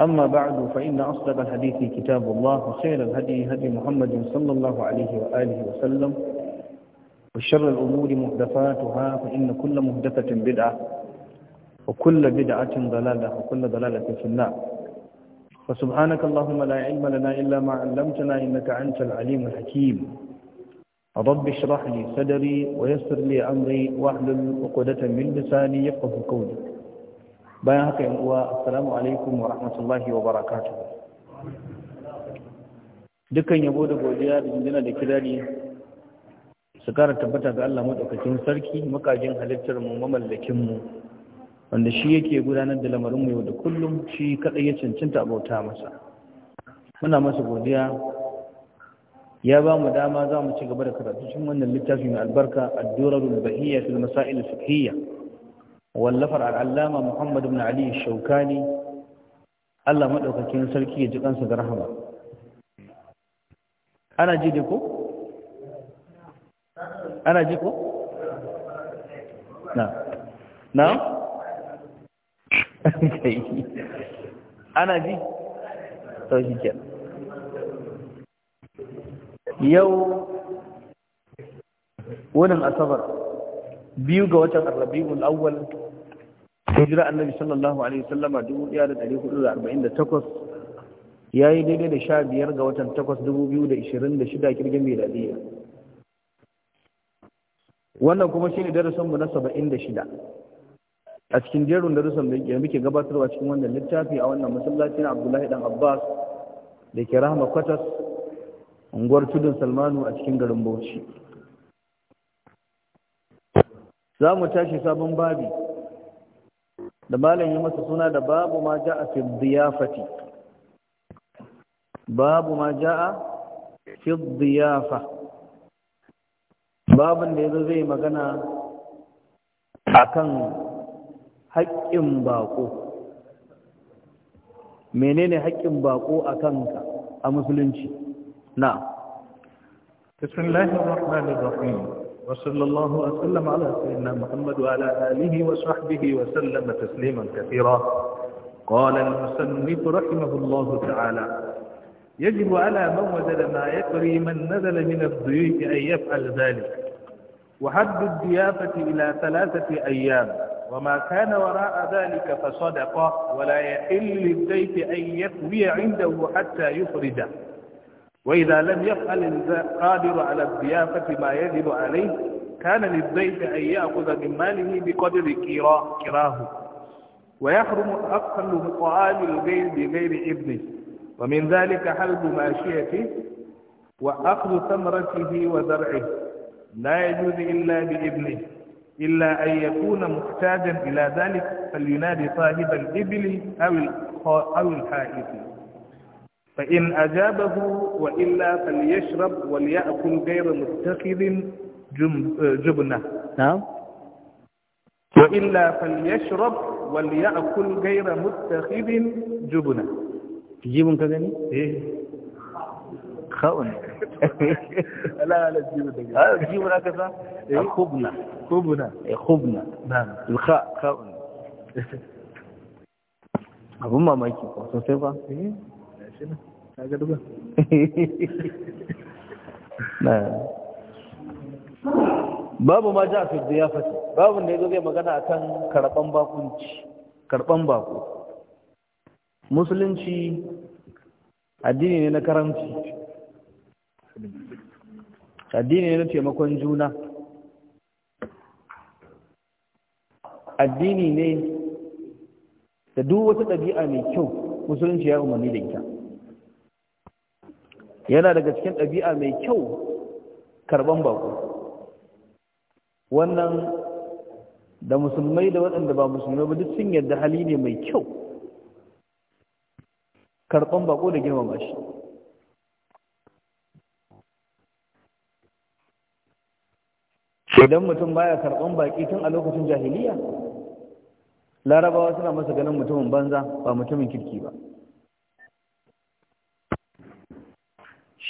أما بعد فإن أصدق الحديث كتاب الله وخير الهدي هدي محمد صلى الله عليه وآله وسلم وشر الأمور محدثاتها فإن كل محدثة بدعة وكل بدعة ضلالة وكل ضلالة في النار فسبحانك اللهم لا علم لنا إلا ما علمتنا إنك أنت العليم الحكيم رب اشرح لي صدري ويسر لي أمري واحلل عقدة من لساني يفقه قولي bayan haka yin uwa assalamu alaikum wa rahmatullahi wa barakatu.' Dukkan yabo da godiya da jinjina da kirari su kara tabbata ga Allah madaukakin sarki makajin halittar mu mamallakin mu wanda shi yake gudanar da lamarin mu yau da kullum shi kadai ya cancanta abauta masa muna masa godiya ya ba mu dama za mu ci gaba da karatu cikin wannan littafin albarka ad-durarul bahiyya fil masail al-fiqhiyya wallafar al'allama muhammad ibn ali shaukani allah maɗaukakin sarki ya ji kansa da rahama ana ji ko? ana ji ko? na na? ana ji? sau ke yau wunin asabar biyu ga watan rabiul awwal hijira annabi sallallahu alaihi wasallama 1448 yayi daidai da sha biyar ga watan 8 2026 kirgin miladiya wannan kuma shine darasin mu na 76 a cikin jerin darasin da muke gabatarwa cikin wannan littafi a wannan masallaci na Abdullahi dan Abbas da ke rahama kwatas unguwar tudun Salmanu a cikin garin Bauchi za mu tashi sabon babi da malam yi masa suna da babu ma ja'a fi diyafati babu ma ja'a fi diyafa babin da yanzu zai magana akan haƙƙin baƙo menene haƙƙin baƙo a kanka a musulunci na bismillahir rahmanir rahim وصلى الله وسلم على سيدنا محمد وعلى آله وصحبه وسلم تسليما كثيرا قال المسنف رحمه الله تعالى يجب على من وجد ما يكري من نزل من الضيوف أن يفعل ذلك وحد الضيافة إلى ثلاثة أيام وما كان وراء ذلك فصدقه ولا يحل للضيف أن يكوي عنده حتى يخرجه وإذا لم يفعل القادر على الضيافة ما يجب عليه كان للضيف أن يأخذ من ماله بقدر كراه ويحرم أقل طعام البيت بغير ابنه ومن ذلك حلب ماشيته وأخذ ثمرته وزرعه لا يجوز إلا بابنه إلا أن يكون محتاجا إلى ذلك فلينادي صاحب الإبل أو الحائط فإن أجابه وإلا فليشرب وليأكل غير متخذ جبنة نعم وإلا فليشرب وليأكل غير متخذ جبنة جبن كذا يعني؟ إيه خون لا لا تجيب هذا تجيب آه، هكذا إيه. خبنة خبنة إيه، خبنة نعم الخاء خون أبو ما مايكي سوسيبا babu ma ja fi ziyafati babu da yazo zai magana akan karban bakunci karban bako musulunci addini ne na karamci addini ne na taimakon juna addini ne da duk wata ɗabi'a mai kyau musulunci ya umarni da ita yana daga cikin ɗabi'a mai kyau karban bako wannan da musulmai da waɗanda ba musulmai ba duk sun yadda hali ne mai kyau karban bako da girmama shi idan mutum baya karɓan baƙi tun a lokacin jahiliya larabawa suna masa ganin mutumin banza ba mutumin kirki ba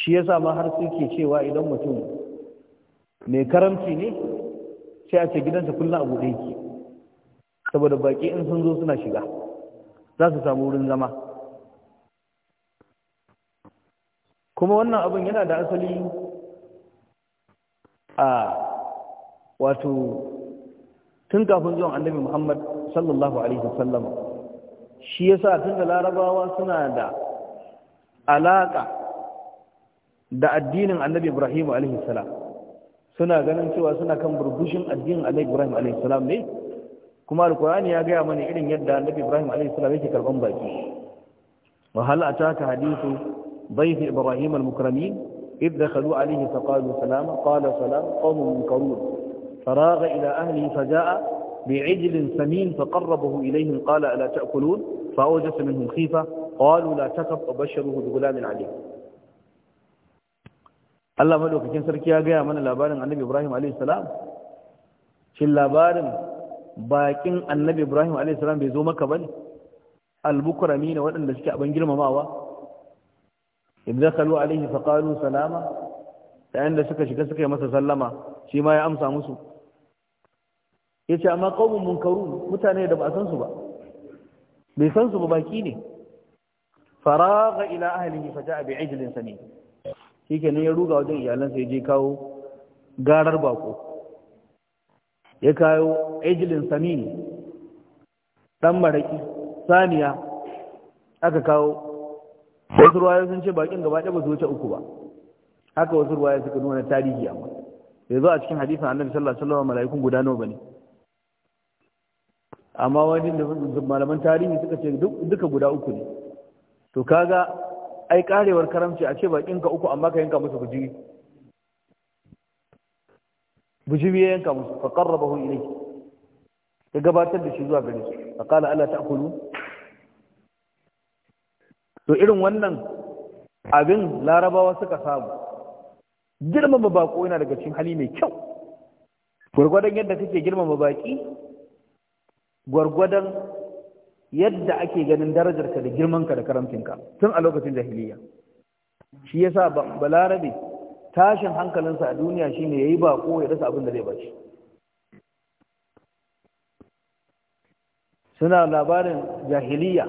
shi sa ma har suke cewa idan mutum mai karamci ne sai a ce gidansa kullum a buɗe yake saboda baƙi in sun zo suna shiga za su samu wurin zama kuma wannan abin yana da asali a wato tun kafin zuwan annabi muhammad sallallahu alaihi wasallam shi sa tun da larabawa suna da alaƙa da addinin annabi ibrahim alaihi suna ganin cewa suna kan burbushin addinin annabi ibrahim ne kuma alkur'ani ya gaya mana irin yadda annabi ibrahim alaihi yake karban baki wa hal ataka hadithu ضيف إبراهيم المكرمين إذ دخلوا عليه فقالوا سلاما قال سلام قوم منكرون فراغ إلى أهله فجاء بعجل سمين فقربه إليهم قال ألا تأكلون فأوجس منهم خيفة قالوا لا تخف وبشروه بغلام عليم Allah madaukakin sarki ya gaya mana labarin annabi Ibrahim alaihi salam shin labarin bakin annabi Ibrahim alaihi salam bai zo maka ba ne? mukrami ne waɗanda suke abin girmamawa idakalu alaihi faqalu salama yayin da suka shiga suka yi masa sallama shi ma ya amsa musu ce amma qaumun Munkaru mutane da ba san su ba bai san su ba baki ne faraga ila ahlihi abin bi'ijlin ne. shi kenan ya ruga wajen iyalansa ya je kawo garar bako ya kawo ejilin samini Dan maraƙi saniya aka kawo wasu ruwa sun ce bakin gaba ɗaya ba su wuce uku ba haka wasu ruwa suka nuna tarihi amma ya zo a cikin hadisan annabi sallallahu alaihi wasallam mala'ikun guda nawa bane amma wani da malaman tarihi suka ce duka guda uku ne to kaga ai karewar karamci a ce bakinka uku amma ka yanka musu bujiri bujiri ya yanka musu fa qarrabahu ilayhi ya gabatar da shi zuwa gare su fa qala alla ta'kulu to irin wannan abin larabawa suka samu girmama bako yana daga cikin hali mai kyau gwargwadon yadda kake girmama baki gwargwadon yadda ake ganin darajarka da girmanka da karamcinka tun a lokacin jahiliya shi yasa balarabe tashin hankalinsa a duniya shine yayi ko ya rasa abin da zai bashi suna labarin jahiliya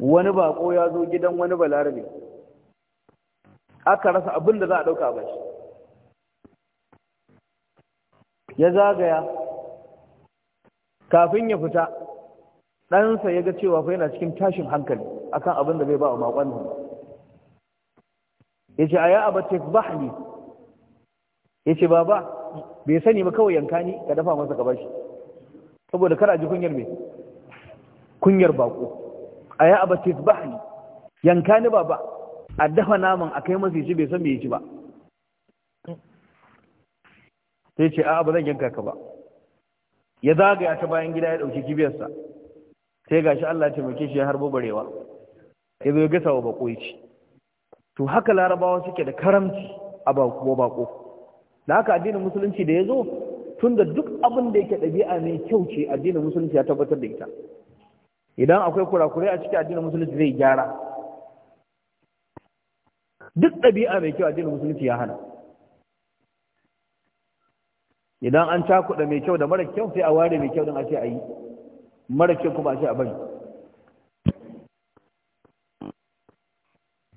wani bako ya zo gidan wani balarabe aka rasa abin da za a dauka bashi ya zagaya kafin ya fita ɗansa ya ga cewa fa yana cikin tashin hankali akan abin da bai ba wa makon nan ya ce a ya ba ne ya ce ba ba bai sani ba kawai yanka ni ka dafa masa gaba shi saboda kar a ji kunyar mai kunyar bako a ya ba ne yanka ni ba ba a dafa naman a kai masa ya bai san bai ci ba sai ce a abu zan yanka ka ba ya zagaya ta bayan gida ya ɗauki kibiyarsa sai gashi Allah taimake shi ya harbo barewa ya zo ya gasa wa bako yaci to haka larabawa suke da karamci a bako bako da haka addinin musulunci da ya zo tun da duk abin da yake ɗabi'a mai kyau ce addinin musulunci ya tabbatar da ita idan akwai kurakurai a cikin addinin musulunci zai gyara duk ɗabi'a mai kyau addinin musulunci ya hana idan an cakuɗa mai kyau da mara kyau sai a ware mai kyau don a ce a yi mara kyau kuma ce a bari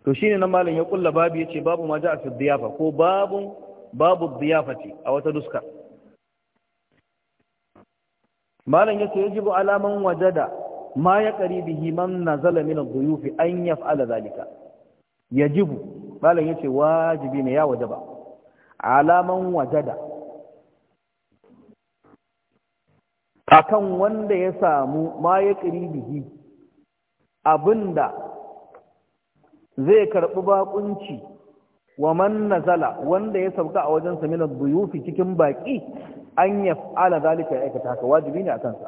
to shine nan malam ya kulla babu yace babu ma ja'a fi diyafa ko babu babu diyafati a wata duska malam yace yajibu alaman wajada ma ya qaribihi man nazala min ad-duyuf an yaf'ala zalika yajibu malam yace wajibi ne ya wajaba alaman wajada akan wanda ya samu ma ya bihi abinda zai karɓi baƙunci wa man nazala wanda ya sauka a wajen samina buyufi cikin baki an ya fa'ala zalika ya aikata haka wajibi ne a kansa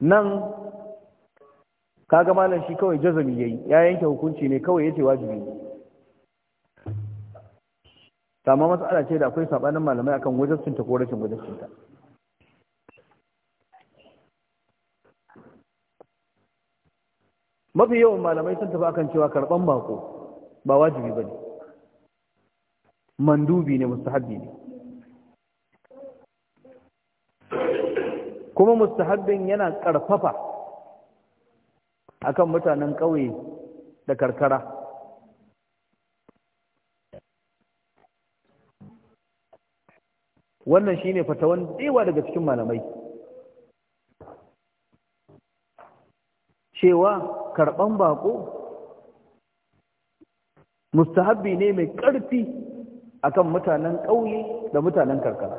nan kaga malam shi kawai jazami yayi ya yanke hukunci ne kawai yace wajibi ne amma matsala ce da akwai sabanin malamai akan wajabcinta ko rashin wajabcinta mafi yawan malamai sun tafi akan cewa karban bako ba wajibi ba ne, mandubi ne mustahabbi ne kuma mustahabbin yana ƙarfafa akan mutanen ƙauye da karkara wannan shi ne fatawan ɗewa daga cikin malamai cewa karɓan bako mustahabbi ne mai ƙarfi akan mutanen ƙauye da mutanen karkara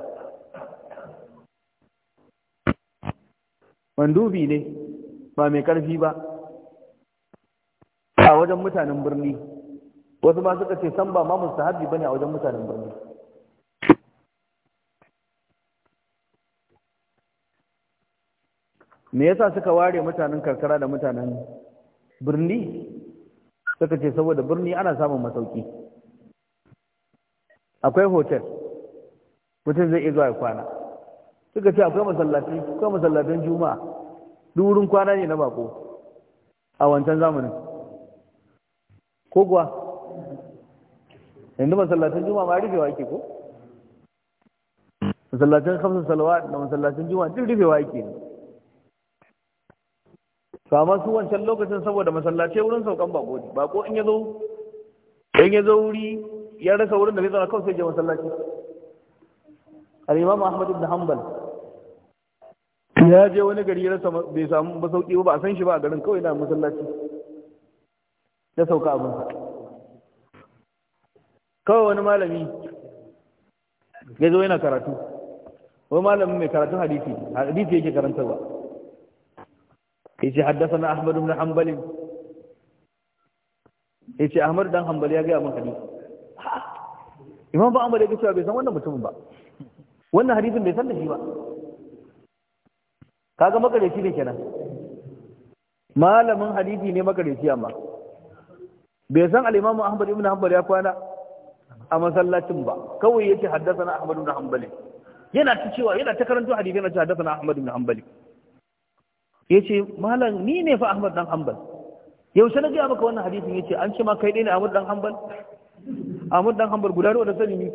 mandubi ne ba mai ƙarfi ba a wajen mutanen birni wasu masu suka ce san ba ma mustahabbi bane a wajen mutanen birni me yasa suka ware mutanen karkara da mutanen birni suka ce saboda birni ana samun masauki akwai hotel mutum zai iya zuwa ya kwana suka ce akwai masallaci akwai masallatan juma'a duk wurin kwana ne na bako a wancan zamanin ko kuwa yanzu masallatan juma'a ma rufewa yake ko masallatan kamsun salawa da masallatan juma'a duk rufewa yake ne to amma su wancan lokacin saboda masallace wurin saukan bako ne bako in ya zo in ya zo wuri ya rasa wurin da zai zauna kawai sai je masallaci al-imam ahmad ibn hanbal ya je wani gari ya rasa bai samu ba sauki ba a san shi ba a garin kawai na masallaci ya sauka abin kawai wani malami ya zo yana karatu wani malamin mai karatun hadisi hadisi yake karantarwa yace haddathana ahmad ibn hanbal yace ahmad dan hanbal ya ga mun hadisi imam ba amma da cewa bai san wannan mutumin ba wannan hadisin bai san da shi ba kaga makareci ne kenan malamin hadisi ne makareci amma bai san al-imam ahmad ibn hanbal ya kwana a masallacin ba kawai yace haddathana ahmad ibn hanbal yana ta cewa yana ta karanto hadisi yana ta haddathana ahmad ibn hanbal ya ce malam ni ne fa ahmad dan hanbal yaushe na gaya maka wannan hadisin ya ce an ce ma kai ne ahmad dan hanbal ahmad dan hanbal guda da sani ne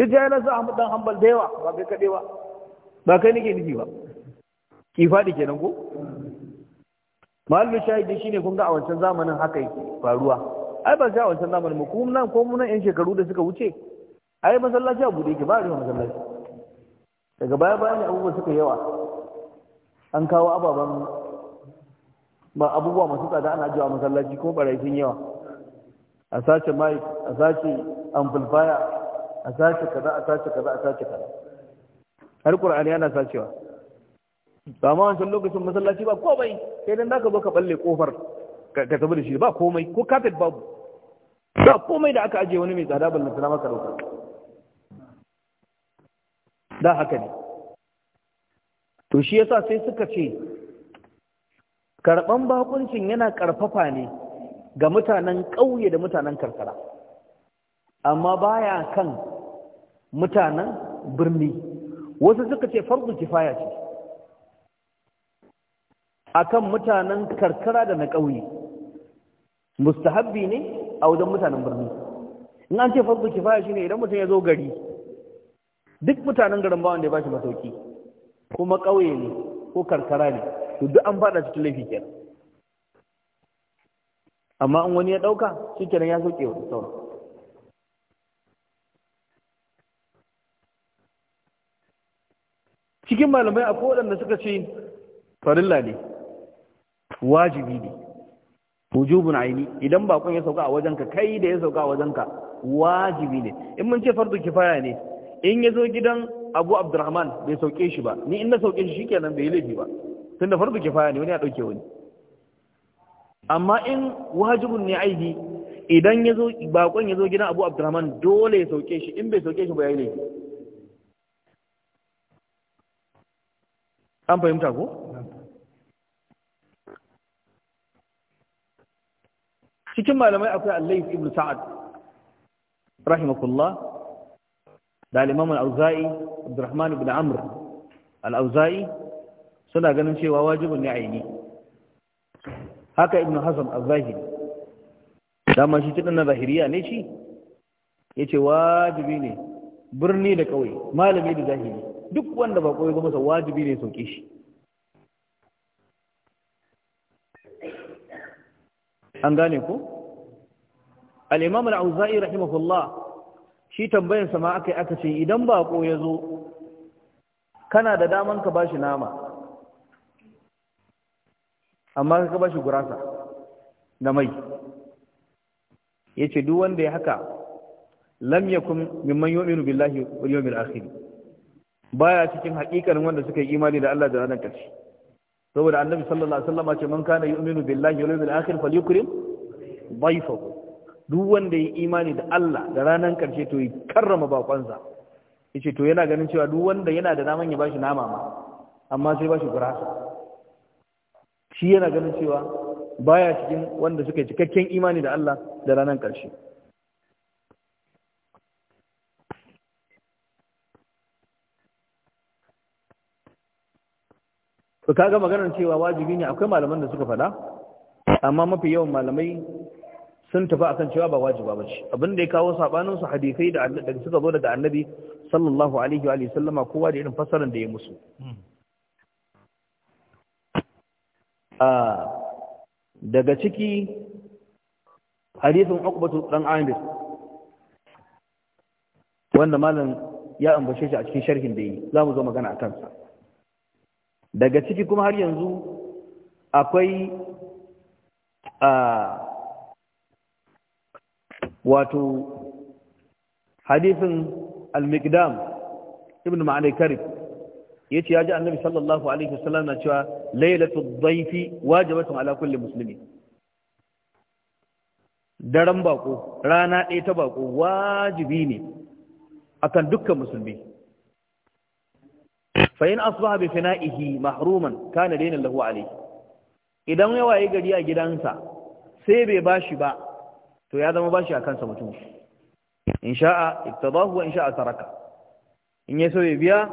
ya ce yana sa ahmad dan hanbal da yawa ba kai kaɗe ba ba kai nake nufi ba ki faɗi kenan ko mahallu shahidi ne kun ga a wancan zamanin haka yake faruwa ai ba sai a wancan zamanin mu kuma nan ko mun nan yan shekaru da suka wuce ai masallaci abu da yake ba a rufe masallaci daga baya bayan abubuwa suka yawa an kawo ababen ba abubuwa masu tsada ana ajiyewa masallaci ko barayi sun yawa a sace mic a sace amplifier a sace kaza a sace kaza a sace kaza har qur'ani yana sacewa ba ma wancan lokacin masallaci ba komai sai dan zaka zo ka balle kofar ka tafi da shi ba komai ko kafet babu ba komai da aka ajiye wani mai tsada ballan sana maka dauka da haka ne to shi yasa sai suka ce karɓan bakuncin yana ƙarfafa ne ga mutanen ƙauye da mutanen karkara amma baya kan mutanen birni wasu suka ce farko kifaya ce akan mutanen karkara da na ƙauye mustahabbi ne a wajen mutanen birni in an ce farko kifaya shine idan mutum ya zo gari duk mutanen garin bawan da ya bashi masauki kuma ƙauye ne ko karkara ne to duk an fada cikin laifi ke amma in wani ya ɗauka shi ya sauke wa sauran cikin malamai a da suka ce farilla ne wajibi ne hujubun aini idan bakon ya sauka a wajenka kai da ya sauka a wajenka wajibi ne in mun ce fardu kifaya ne in ya zo gidan abu abdurrahman bai sauke shi ba ni in na sauke shi shikenan bai laifi ba tunda ke faya ne wani ya dauke wani amma in wajibun ne aidi idan ya zo bakon ya zo gidan abu abdurrahman dole ya sauke shi in bai sauke shi ba ya laifi an fahimta ko cikin malamai akwai Allah ibn Sa'ad rahimahullah da limamun auza'i abdurrahman ibn amr al-auza'i suna ganin cewa wajibin ne aini haka ibn hazm al-zahiri dama shi tunan na zahiriya ne shi yace wajibi ne birni da kauye malami da zahiri duk wanda ba kauye masa wajibi ne soke shi an gane ko al-imam al-auza'i rahimahullah shi tambayansa sama aka yi aka ce idan bako ya zo kana da daman ka ba shi nama amma ka ba shi gurasa na mai ya ce duk wanda ya haka lam yakun mimman yu'minu billahi wal yawmil akhir baya cikin hakikanin wanda suka yi imani da Allah da ranar ƙarshe saboda annabi sallallahu alaihi wasallam ce man kana yu'minu billahi wal yawmil akhir falyukrim dhayfahu duk wanda ya imani da Allah da ranar karshe to ya karrama bakonsa yace to yana ganin cewa duk wanda yana da naman ya bashi nama ma amma sai bashi gurasa shi yana ganin cewa baya cikin wanda suka yi cikakken imani da Allah da ranar karshe to kaga maganar cewa wajibi ne akwai malaman da suka fada amma mafi yawan malamai sun tafi akan cewa ba wajiba bace abin da ya kawo sabanin su hadisi da daga suka zo daga annabi sallallahu alaihi wa sallama kowa da irin fasaran da ya musu hmm. a daga ciki hadisin uqbatu dan amir wanda malam ya ambace shi a cikin sharhin da yi zamu zo magana akan sa daga ciki kuma har yanzu akwai a wato hadisin al-miqdam ibn ma'ani karib yace ya ji annabi sallallahu alaihi wasallam na cewa lailatul dhaifi wajibatun ala kulli muslimin daren bako rana ɗaya ta bako wajibi ne akan dukkan musulmi fa in asbaha bi fina'ihi mahruman kana daina lahu alaihi idan yawa waye gari a gidansa sai bai bashi ba to ya zama bashi a kansa mutum in sha'a iktadahu wa in sha'a taraka in ya so ya biya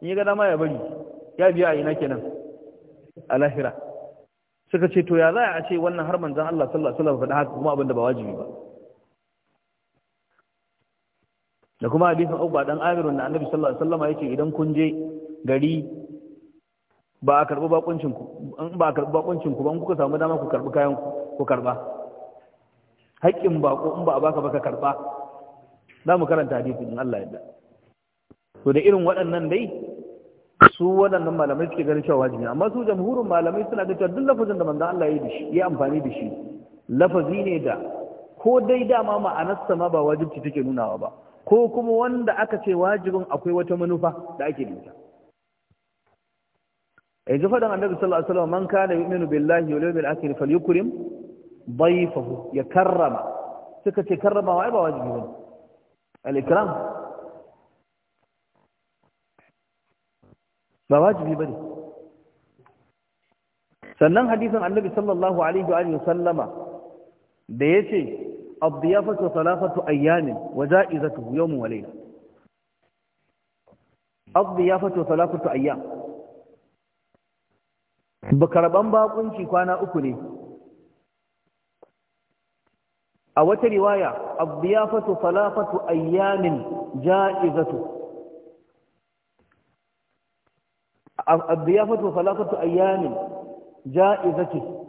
in ya ga dama ya bari ya biya a ina kenan a lahira suka ce to ya za a ce wannan har manzan Allah sallallahu alaihi wasallam faɗa haka kuma abin da ba wajibi ba da kuma hadisin Uba dan Amirun da Annabi sallallahu alaihi wasallam yake idan kun je gari ba a karɓi bakuncin ku ba a karɓi bakuncin ku ba kuka samu dama ku karɓi kayan ku karɓa haƙƙin bako in ba a baka baka karɓa za mu karanta hadisin in Allah yadda to da irin waɗannan dai su waɗannan malamai suke ganin cewa wajibi amma su jamhurin malamai suna ga cewa duk lafazin da manzo Allah ya yi amfani da shi lafazi ne da ko dai dama sa ma ba wajibci take nunawa ba ko kuma wanda aka ce wajibin akwai wata manufa da ake da ita yanzu faɗin annabi sallallahu alaihi wasallam man kana yu'minu billahi wal yawmil akhir falyukrim ضيفه ya karrama suka ce karramawa ai ba wajibi bane al-ikram ba bane sannan hadisin annabi sallallahu alaihi wa alihi sallama da yace ad-diyafatu thalathatu ayyamin wa ja'izatuhu yawmun wa layla ad-diyafatu thalathatu ayyam bakarban bakunci kwana uku ne a wata riwaya abdiyafatu salafatu ayyamin ja'izatu abdiyafatu salafatu ayyamin ja'izatu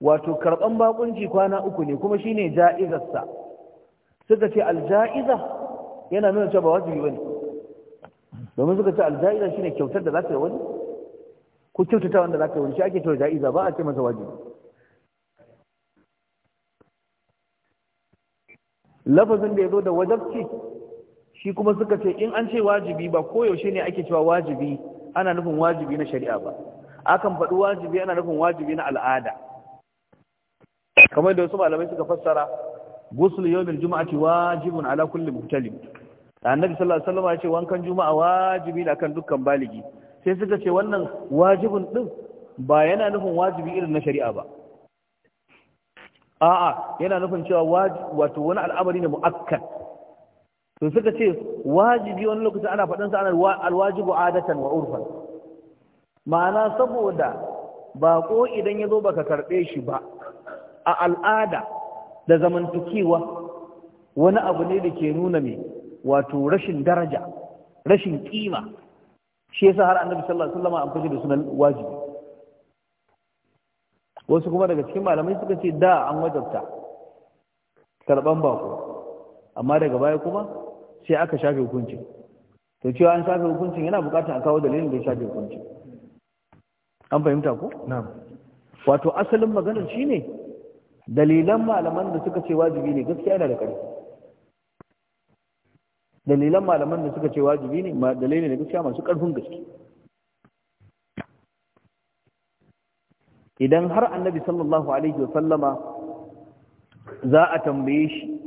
wato karban bakunci kwana uku ne kuma shine ja'izarsa suka ce alja'iza yana nuna cewa ba wajibi bane domin suka ce alja'iza shine kyautar da za ta yi wani ko kyautata wanda za ta yi wani shi ake to ja'iza ba a ce masa wajibi lafazin da ya zo da wajabci shi kuma suka ce in an ce wajibi ba koyaushe ne ake cewa wajibi ana nufin wajibi na shari'a ba akan faɗi wajibi ana nufin wajibi na al'ada kamar da wasu malamai suka fassara gusul yawmin juma'ati wajibun ala kulli muhtalim annabi sallallahu alaihi wasallam ya ce wankan juma'a wajibi ne akan dukkan baligi sai suka ce wannan wajibun din ba yana nufin wajibi irin na shari'a ba a'a yana nufin cewa wato wani al'amari ne mu'akkad to suka ce wajibi wani lokaci ana faɗin sa alwajibu adatan wa urfan ma'ana saboda ba ko idan ya zo baka karbe shi ba a al'ada da zamantakewa wani abu ne da ke nuna mai wato rashin daraja rashin kima shi yasa har annabi sallallahu alaihi wasallam an fashe da sunan wajibi wasu kuma daga cikin malamai suka ce da an wajabta karban bako amma daga baya kuma sai aka shafe hukuncin to cewa an shafe hukuncin yana bukatar a kawo dalilin da ya shafe hukuncin an fahimta ko na'am wato asalin maganar shine dalilan malaman da suka ce wajibi ne gaskiya yana da ƙarfi dalilan malaman da suka ce wajibi ne dalilin da gaskiya masu ƙarfin gaske idan har annabi sallallahu alaihi sallama za a tambaye shi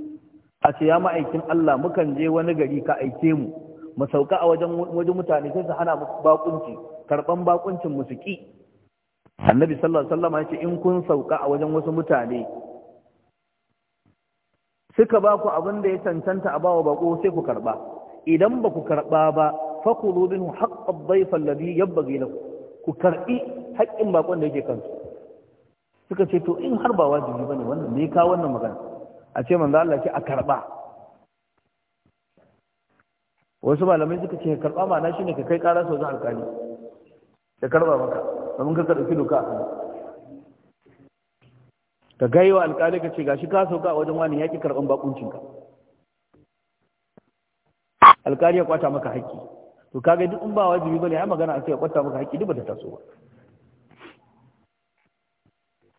a ce ya ma'aikin Allah mukan je wani gari ka aike mu mu sauka a wajen wajen mutane sai su hana mu bakunci karban bakuncin mu suki annabi sallallahu alaihi wasallama yace in kun sauka a wajen wasu mutane suka ba ku abin da ya cancanta a bawa bako sai ku karba idan ba ku karba ba fakulu minhu haqqad dhayf alladhi yabghi lahu ku karbi haƙƙin bakon da yake kansu suka ce to in har ba wajibi bane wannan me ka wannan magana a ce manzo Allah ce a karba wasu malamai suka ce karba ma na shine ka kai ƙara sau zan alƙali ka karba maka domin ka karɓi doka ka gaiwa alƙali ka ce gashi ka sauka a wajen wani yaƙi karɓan bakuncinka alƙali ya kwata maka haƙƙi to kaga duk in ba wajibi bane ai magana a ce ya kwata maka haƙƙi duk ba ta taso ba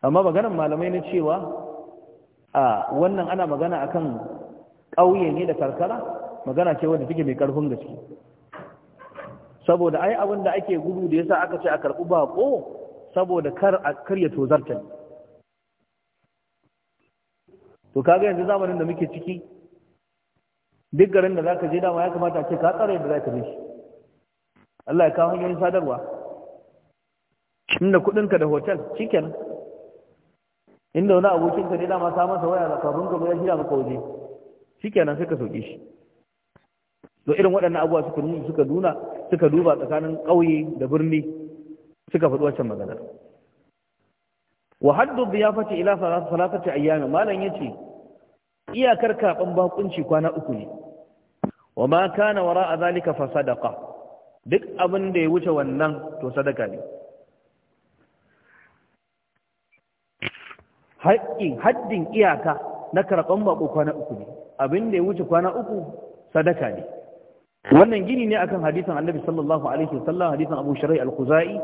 amma maganar malamai na cewa a wannan ana magana akan ƙauye ne da karkara magana ce wanda take mai ƙarfin gaske saboda ai abin da ake gudu da yasa aka ce a karɓi baƙo saboda kar a karya tozarta to kaga yanzu zamanin da muke ciki duk garin da zaka je dama ya kamata a ce ka tsare da zaka bi Allah ya kawo hanyoyin sadarwa inda kuɗinka da hotel cikin inda wani abokin ka ne dama ta masa waya kafin ka ya shirya maka waje shikenan sai ka sauke shi to irin waɗannan abubuwa suka nuna suka nuna suka duba tsakanin ƙauye da birni suka faɗi wancan maganar wa haddu biyafati ila salatati ayyami malam yace iyakar kaɓan bakunci kwana uku ne wa ma kana wara'a zalika fa sadaqa duk abin da ya wuce wannan to sadaka ne haƙƙin haddin iyaka na karɓan baƙo kwana uku ne abin da ya wuce kwana uku sadaka ne wannan gini ne akan hadisan annabi sallallahu alaihi wasallam hadisan abu shari'a al-khuzai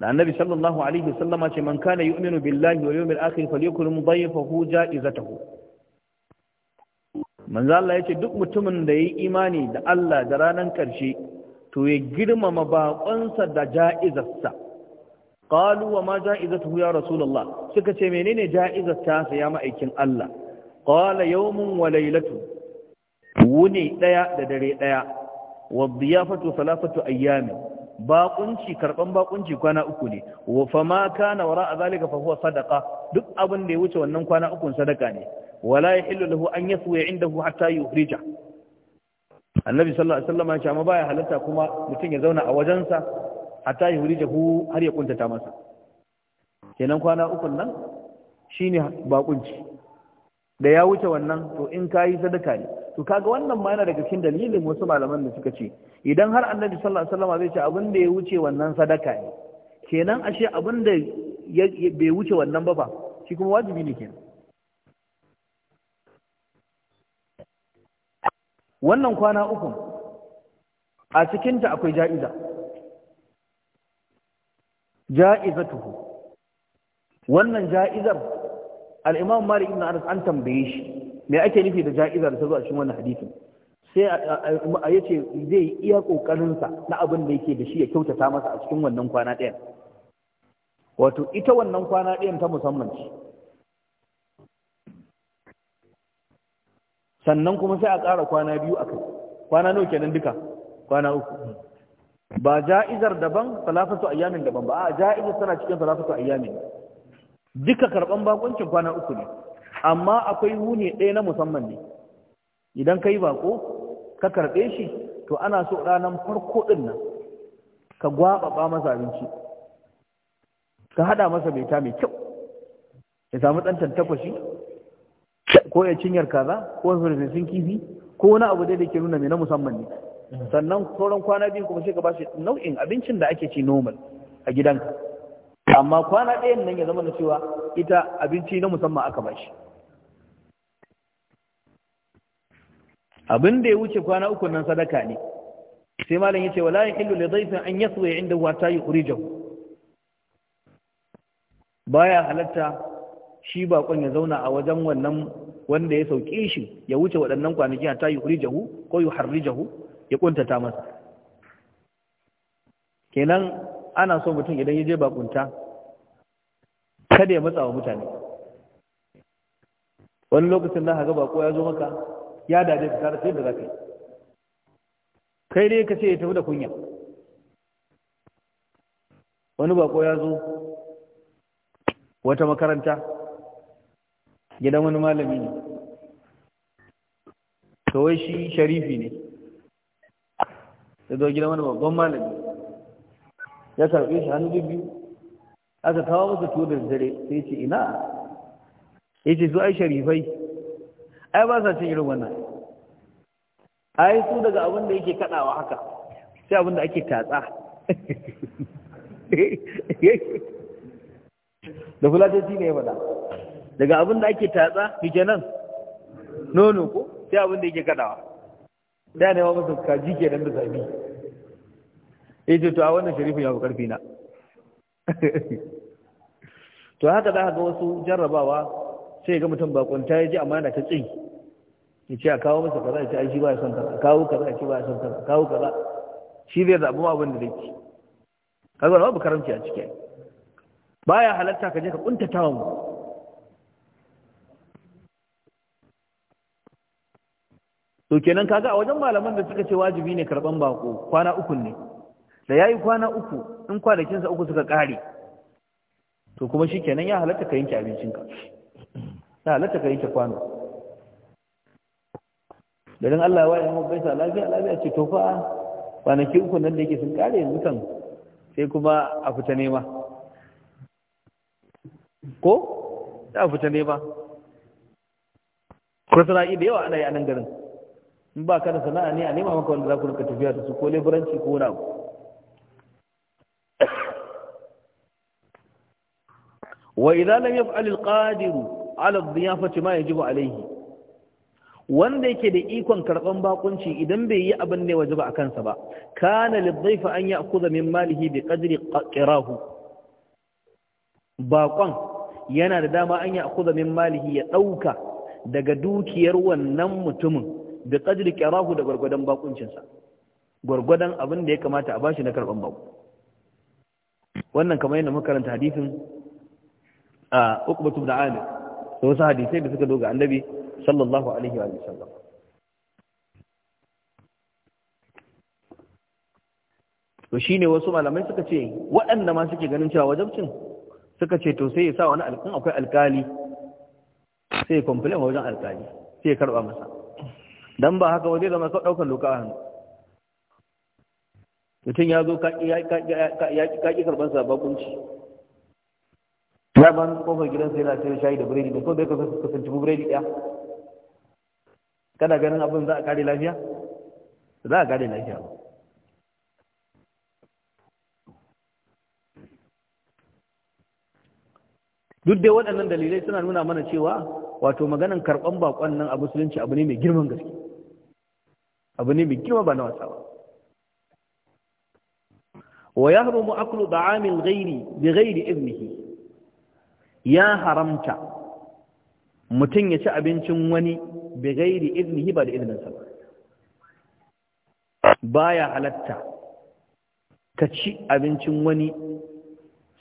da annabi sallallahu alaihi wasallam ce man kana yu'minu billahi wal yawmil akhir falyakul mudayyifahu ja'izatahu manzo Allah yace duk mutumin da yayi imani da Allah da ranan karshe to ya girmama baƙonsa da ja'izarsa qalu wa ma ja'izatuhu ya rasulullah suka ce menene ja'izar ta sa ya ma'aikin Allah qala yawmun wa laylatu wuni daya da dare daya wa dhiyafatu thalathatu ayyam baƙunci karban baƙunci kwana uku ne wa fama kana wara a zalika fa huwa sadaqa duk abin da ya wuce wannan kwana ukun sadaka ne wala yahillu lahu an yaswi indahu hatta yukhrija annabi sallallahu alaihi wasallam ya ce amma baya halatta kuma mutum ya zauna a wajensa hatta yuhrijahu har ya kuntata masa kenan kwana uku nan shine bakunci da ya wuce wannan to in kayi sadaka ne to kaga wannan ma yana daga cikin dalilin wasu malaman da suka ce idan har annabi sallallahu alaihi wasallam zai ce abin da ya wuce wannan sadaka ne kenan ashe abin da bai wuce wannan ba fa shi kuma wajibi ne kenan wannan kwana uku a cikinta akwai ja'iza ja'izatuhu wannan ja'izar al-imam malik ibn anas an tambaye shi me ake nufi da ja'izar da ta zo a cikin wannan hadisin sai a yace zai iya kokarin sa na abin da yake da shi ya kyautata masa a cikin wannan kwana ɗayan wato ita wannan kwana ɗayan ta musamman ce sannan kuma sai a ƙara kwana biyu a kai kwana nawa kenan duka kwana uku ba ja'izar daban salafatu ayyamin daban ba a ja'izar tana cikin salafatu ayyamin duka karban bakuncin kwana uku ne amma akwai huni ɗaya na musamman ne idan kai bako ka karɓe shi to ana so ranar farko ɗin nan ka gwaɓaɓa masa abinci ka haɗa masa mai ta mai kyau ya samu ɗan tantakwashi ko ya cinyar kaza ko sun kifi ko wani abu dai da ke nuna mai na musamman ne sannan sauran kwana biyu kuma sai ka bashi nau'in abincin da ake ci normal a gidanka amma kwana ɗayan nan ya zama na cewa ita abinci na musamman aka bashi abin da ya wuce kwana uku nan sadaka ne sai malam ya yace wala yahillu li dhayfin an yaswa inda wa ta yukhrijahu baya halatta shi bakon ya zauna a wajen wannan wanda ya sauke shi ya wuce waɗannan kwanaki ta jahu ko harri yuharrijahu ya kuntata masa kenan ana so mutum idan ya je bakunta kada ya matsa wa mutane wani lokacin za ka ga bako ya zo maka ya dade ka tare sai da zafi. kai dai ka ce ya tafi da kunya wani bako ya zo wata makaranta gidan wani malami ne kawai shi sharifi ne Da zo gidan wani babban malami ya karɓe shi hannu biyu aka kawo masa tuwo da dare sai ce ina ya ce su ai sharifai ai ba sa cin irin wannan ai su daga abin da yake kaɗawa haka sai abin da ake tatsa da fulatoci ne ya faɗa daga abin da ake tatsa fi nan nono ko sai abin da yake kaɗawa da ne wa masa kaji ke nan da sami ya ce to a wannan sharifin ya fi karfi na to haka za ga wasu jarrabawa sai ga mutum bakunta ya ji amana ta tsin ya ce a kawo masa kaza ya ce ai shi ba ya son kaza kawo kaza ya ce ba ya son kaza kawo kaza shi zai ma abin da zai ci kaga wani karamci a cikin baya halatta ka je ka kuntatawa mu to kenan kaga a wajen malaman da suka ce wajibi ne karban bako kwana uku ne da yayi kwana uku in kwanakin sa uku suka kare to kuma shikenan ya halatta ka yanke ka, ya halatta ka yanke kwano da dan Allah ya waye mu gaisa lafiya lafiya ce to fa kwanaki uku nan da yake sun kare yanzu kan sai kuma a fita nema ko a fita nema kusa ra'i da yawa ana yi a nan garin in ba ka da sana'a ne a nema maka wanda za ku rika tafiya da su ko leburanci ko wani abu wa idan lam yaf'al al-qadiru ala al-diyafati ma yajibu alayhi wanda yake da ikon karban bakunci idan bai yi abin ne waje ba a kansa ba kana lidhayf an ya'khudha min malihi bi qadri qirahu bakon yana da dama an ya'khudha min malihi ya dauka daga dukiyar wannan mutumin da qadri qirahu da gwargwadon bakuncin sa gwargwadon abin da ya kamata a bashi na karban bako wannan kamar yadda muka karanta hadisin a Uqbah ibn ali da wasu hadisai da suka doga annabi sallallahu alaihi wa sallam to shine wasu malamai suka ce waɗanda ma suke ganin cewa wajabcin suka ce to sai ya sa wani alƙin akwai alƙali sai ya complain wajen alƙali sai ya karɓa masa dan ba haka waje zai zama ɗaukar doka a hannu mutum ya zo kaƙi karɓar sababunci ya ban kofar gidansa yana sayar shayi da biredi da kuma bai kasance kasance biredi ɗaya kana ganin abin za a kare lafiya za a kare lafiya ba duk dai waɗannan dalilai suna nuna mana cewa wato maganan karɓan bakon nan a musulunci abu ne mai girman gaske abu ne mai girma ba na wasa ba wa ya haramu akulu amin gairi bi gairi iznihi ya haramta mutum ya ci abincin wani bi gairi iznihi ba da izininsa ba baya halatta ka ci abincin wani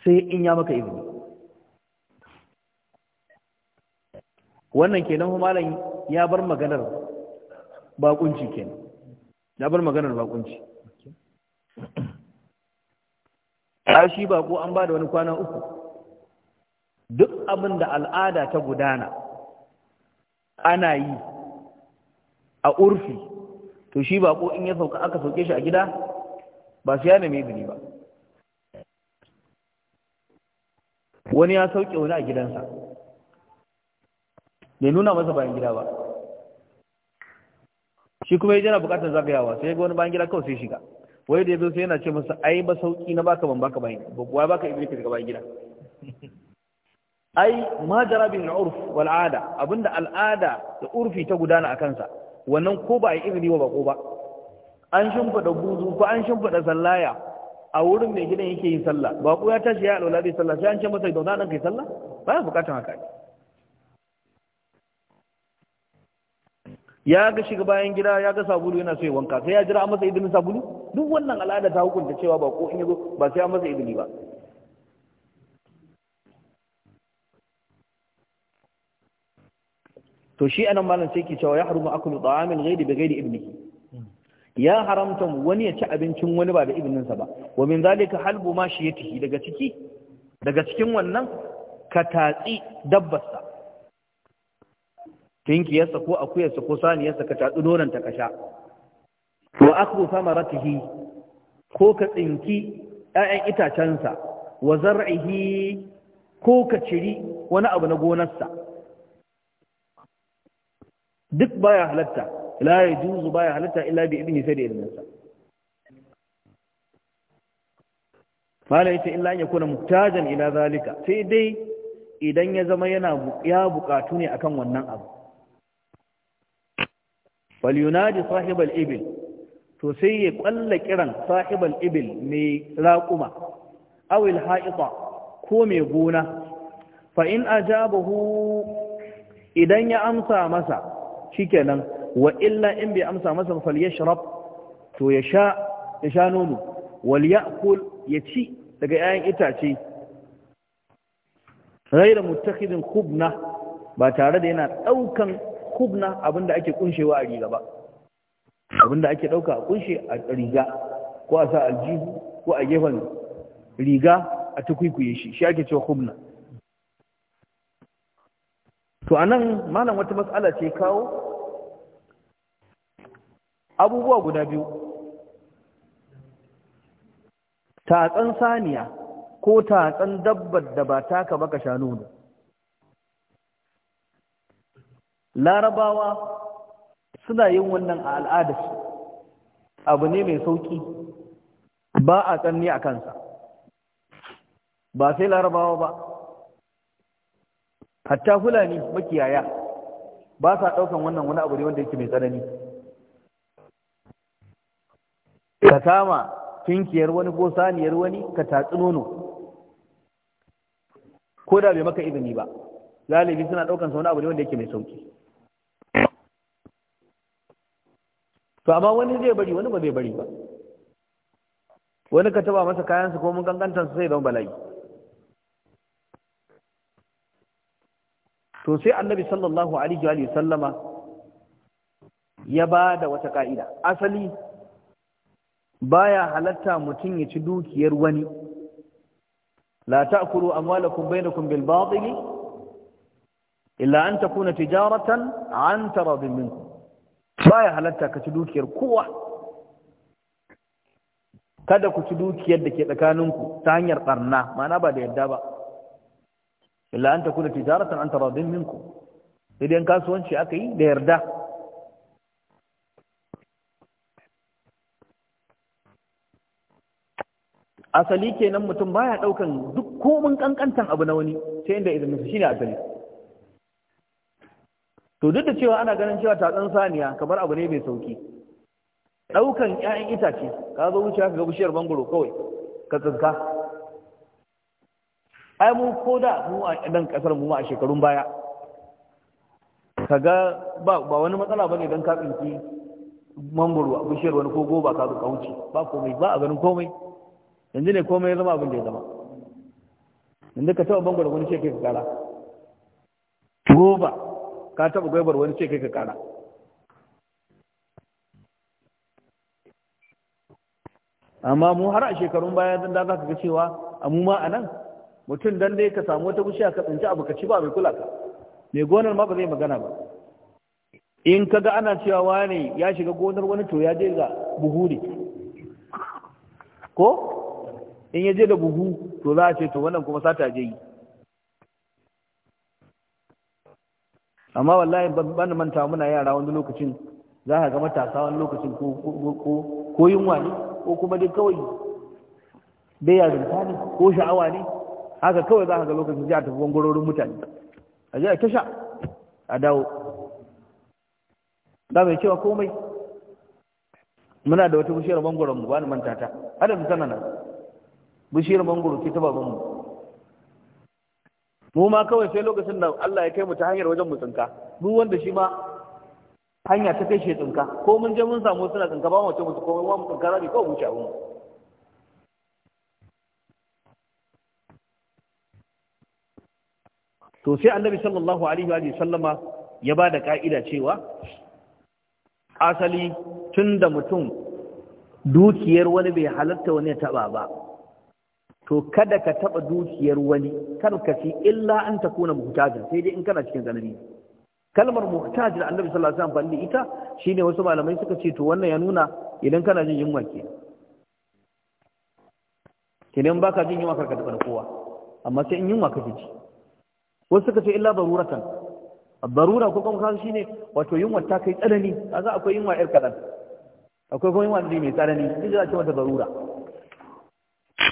sai in ya maka izini wannan kenan malam ya bar maganar bakunci kenan na bar maganar bakunci a shi bako an ba da wani kwana uku duk abin da al'ada ta gudana ana yi a urfi to shi bako in ya sauka aka sauke shi a gida ba su yana mai ba wani ya sauke wani a gidansa bai nuna masa bayan gida ba shi kuma yana bukatar zagayawa sai ga wani bayan gida kawai sai shiga wai da ya zo sai yana ce masa ai ba sauki na baka ban baka bayan wai baka ibni ka bayan gida ai ma jara bil urf wal ada abinda al'ada da urfi ta gudana a kansa wannan ko ba a izini wa bako ba an shimfada buzu ko an shimfada sallaya a wurin mai gidan yake yin sallah bako ya tashi ya alwala bai sallah sai an ce masa idan nan kai sallah ba ya bukatan haka ya ga shiga bayan gida ya ga sabulu yana so ya wanka sai ya jira an masa izinin sabulu duk wannan al'ada ta hukunta cewa ba ko in yazo ba sai an masa izini ba to shi anan malam sai ke cewa ya harumu akulu ta'amil ghairi bi ghairi ibnihi ya haramta wani ya ci abincin wani ba da sa ba wa min zalika halbu ma shi daga ciki daga cikin wannan ka tatsi dabbarsa tinkiyarsa ko akuyarsa ko saniyarsa ka tatsi nonanta ka sha wa akhdhu thamaratihi ko ka tsinki ƴaƴan itacensa wa zar'ihi ko ka ciri wani abu na gonarsa duk baya halatta la yajuzu baya halatta illa bi ibni sai da nasa mala yace illa ya muktajan muhtajan ila zalika sai dai idan ya zama yana ya bukatu ne akan wannan abu falyunadi sahibal ibil to sai ya kwalla kiran sahibal ibil mai raƙuma awil ha'ita ko mai gona fa in ajabahu idan ya amsa masa shikenan wa illa in bai amsa masa falyashrab to ya sha ya sha nono wal ya'kul ya ci daga 'ya'yan itace ghayra muttakhidin khubna ba tare da yana daukan khubna abinda ake kunshewa a riga ba abinda ake dauka a kunshe a riga ko a sa aljihu ko a gefen riga a tukwikwiye shi shi ake cewa kubna to anan malam wata matsala ce kawo abubuwa guda biyu tatsan saniya ko tatsan dabbar da ba taka baka sha ne. larabawa suna yin wannan a al'adarsu abu ne mai sauki ba a tsanni a kansa ba sai larabawa ba hatta fulani makiyaya ba sa ɗaukan wannan wani abu ne wanda yake mai tsanani ka kama kinkiyar wani ko saniyar wani ka tatsi nono ko da bai maka izini ba galibi suna ɗaukansa wani abu ne wanda yake mai sauki to amma wani zai bari wani ba zai bari ba wani ka taba masa kayansa ko mun kankantar sai don bala'i to sai annabi sallallahu alaihi wa sallama ya ba da wata ka'ida asali baya halatta mutum ya ci dukiyar wani la ta'kulu amwalakum bainakum bil batili illa an takuna tijaratan an taradin minkum baya halatta ka ci dukiyar kowa kada ku ci dukiyar da ke tsakaninku ta hanyar barna ma'ana ba da yadda ba illa anta takuna tijaratan anta radin minku idan kasuwanci aka yi da yarda asali kenan mutum baya daukan duk komin kankantan abu na wani sai inda izinin shi ne asali to duk da cewa ana ganin cewa tatsan saniya kamar abu ne mai sauki daukan 'ya'yan itace ka zo wuce ka ga bishiyar bangoro kawai ka tsinka ai mu ko da mu a dan ƙasar mu a shekarun baya ka ga ba wani matsala ba ne don ka tsinki mangoro a bishiyar wani ko ba ka zo ka wuce ba komai ba a ganin komai yanzu ne komai ya zama abin da ya zama yanzu ka taɓa bangoro wani ce ke ka kara ba. ka taɓa gwaibar wani ce kai ka kara amma mu har a shekarun baya zan da za ka ga cewa a mu ma a nan mutum dan dai ka samu wata bishiya ka tsinci abu ka ci ba mai kula ka mai gonar ma ba zai magana ba in ka ga ana cewa wani ya shiga gonar wani to ya je ga buhu ne ko in ya je da buhu to za a ce to wannan kuma sata je yi amma wallahi ban manta muna yara wani lokacin za ka ga matasa wani lokacin ko yunwa ne ko kuma dai kawai bai yarinta ne ko sha'awa ne haka kawai za ka ga lokacin ji a tafi gwangwarorin mutane a ji a tasha a dawo da mai cewa komai muna da wata bishiyar mangwaron mu ba ni manta ta adam sanana bushiyar bishiyar mangwaro ke ta mu. mu ma kawai sai lokacin da Allah ya kai mu ta hanyar wajen mu tsinka mu wanda shi ma hanya ta kai shi tsinka ko mun je mun samu suna tsinka ba mu ce musu komai ba mu tsinka rabi kawai mu ci to sai annabi sallallahu alaihi wa sallama ya ba da ka'ida cewa asali tun da mutum dukiyar wani bai halatta wani ya taba ba to kada ka taba dukiyar wani kar ka ci illa an takuna muhtaj sai dai in kana cikin tsanani kalmar da annabi sallallahu alaihi wasallam ita shine wasu malamai suka ce to wannan ya nuna idan kana jin yunwa ke kenan baka jin yunwa karka da kowa amma sai in yunwa kake ji wasu suka ce illa baruratan barura ko kuma kan shine wato yunwa ta kai tsanani za akwai yunwa irka dan akwai kuma yunwa da mai tsanani idan za a mata barura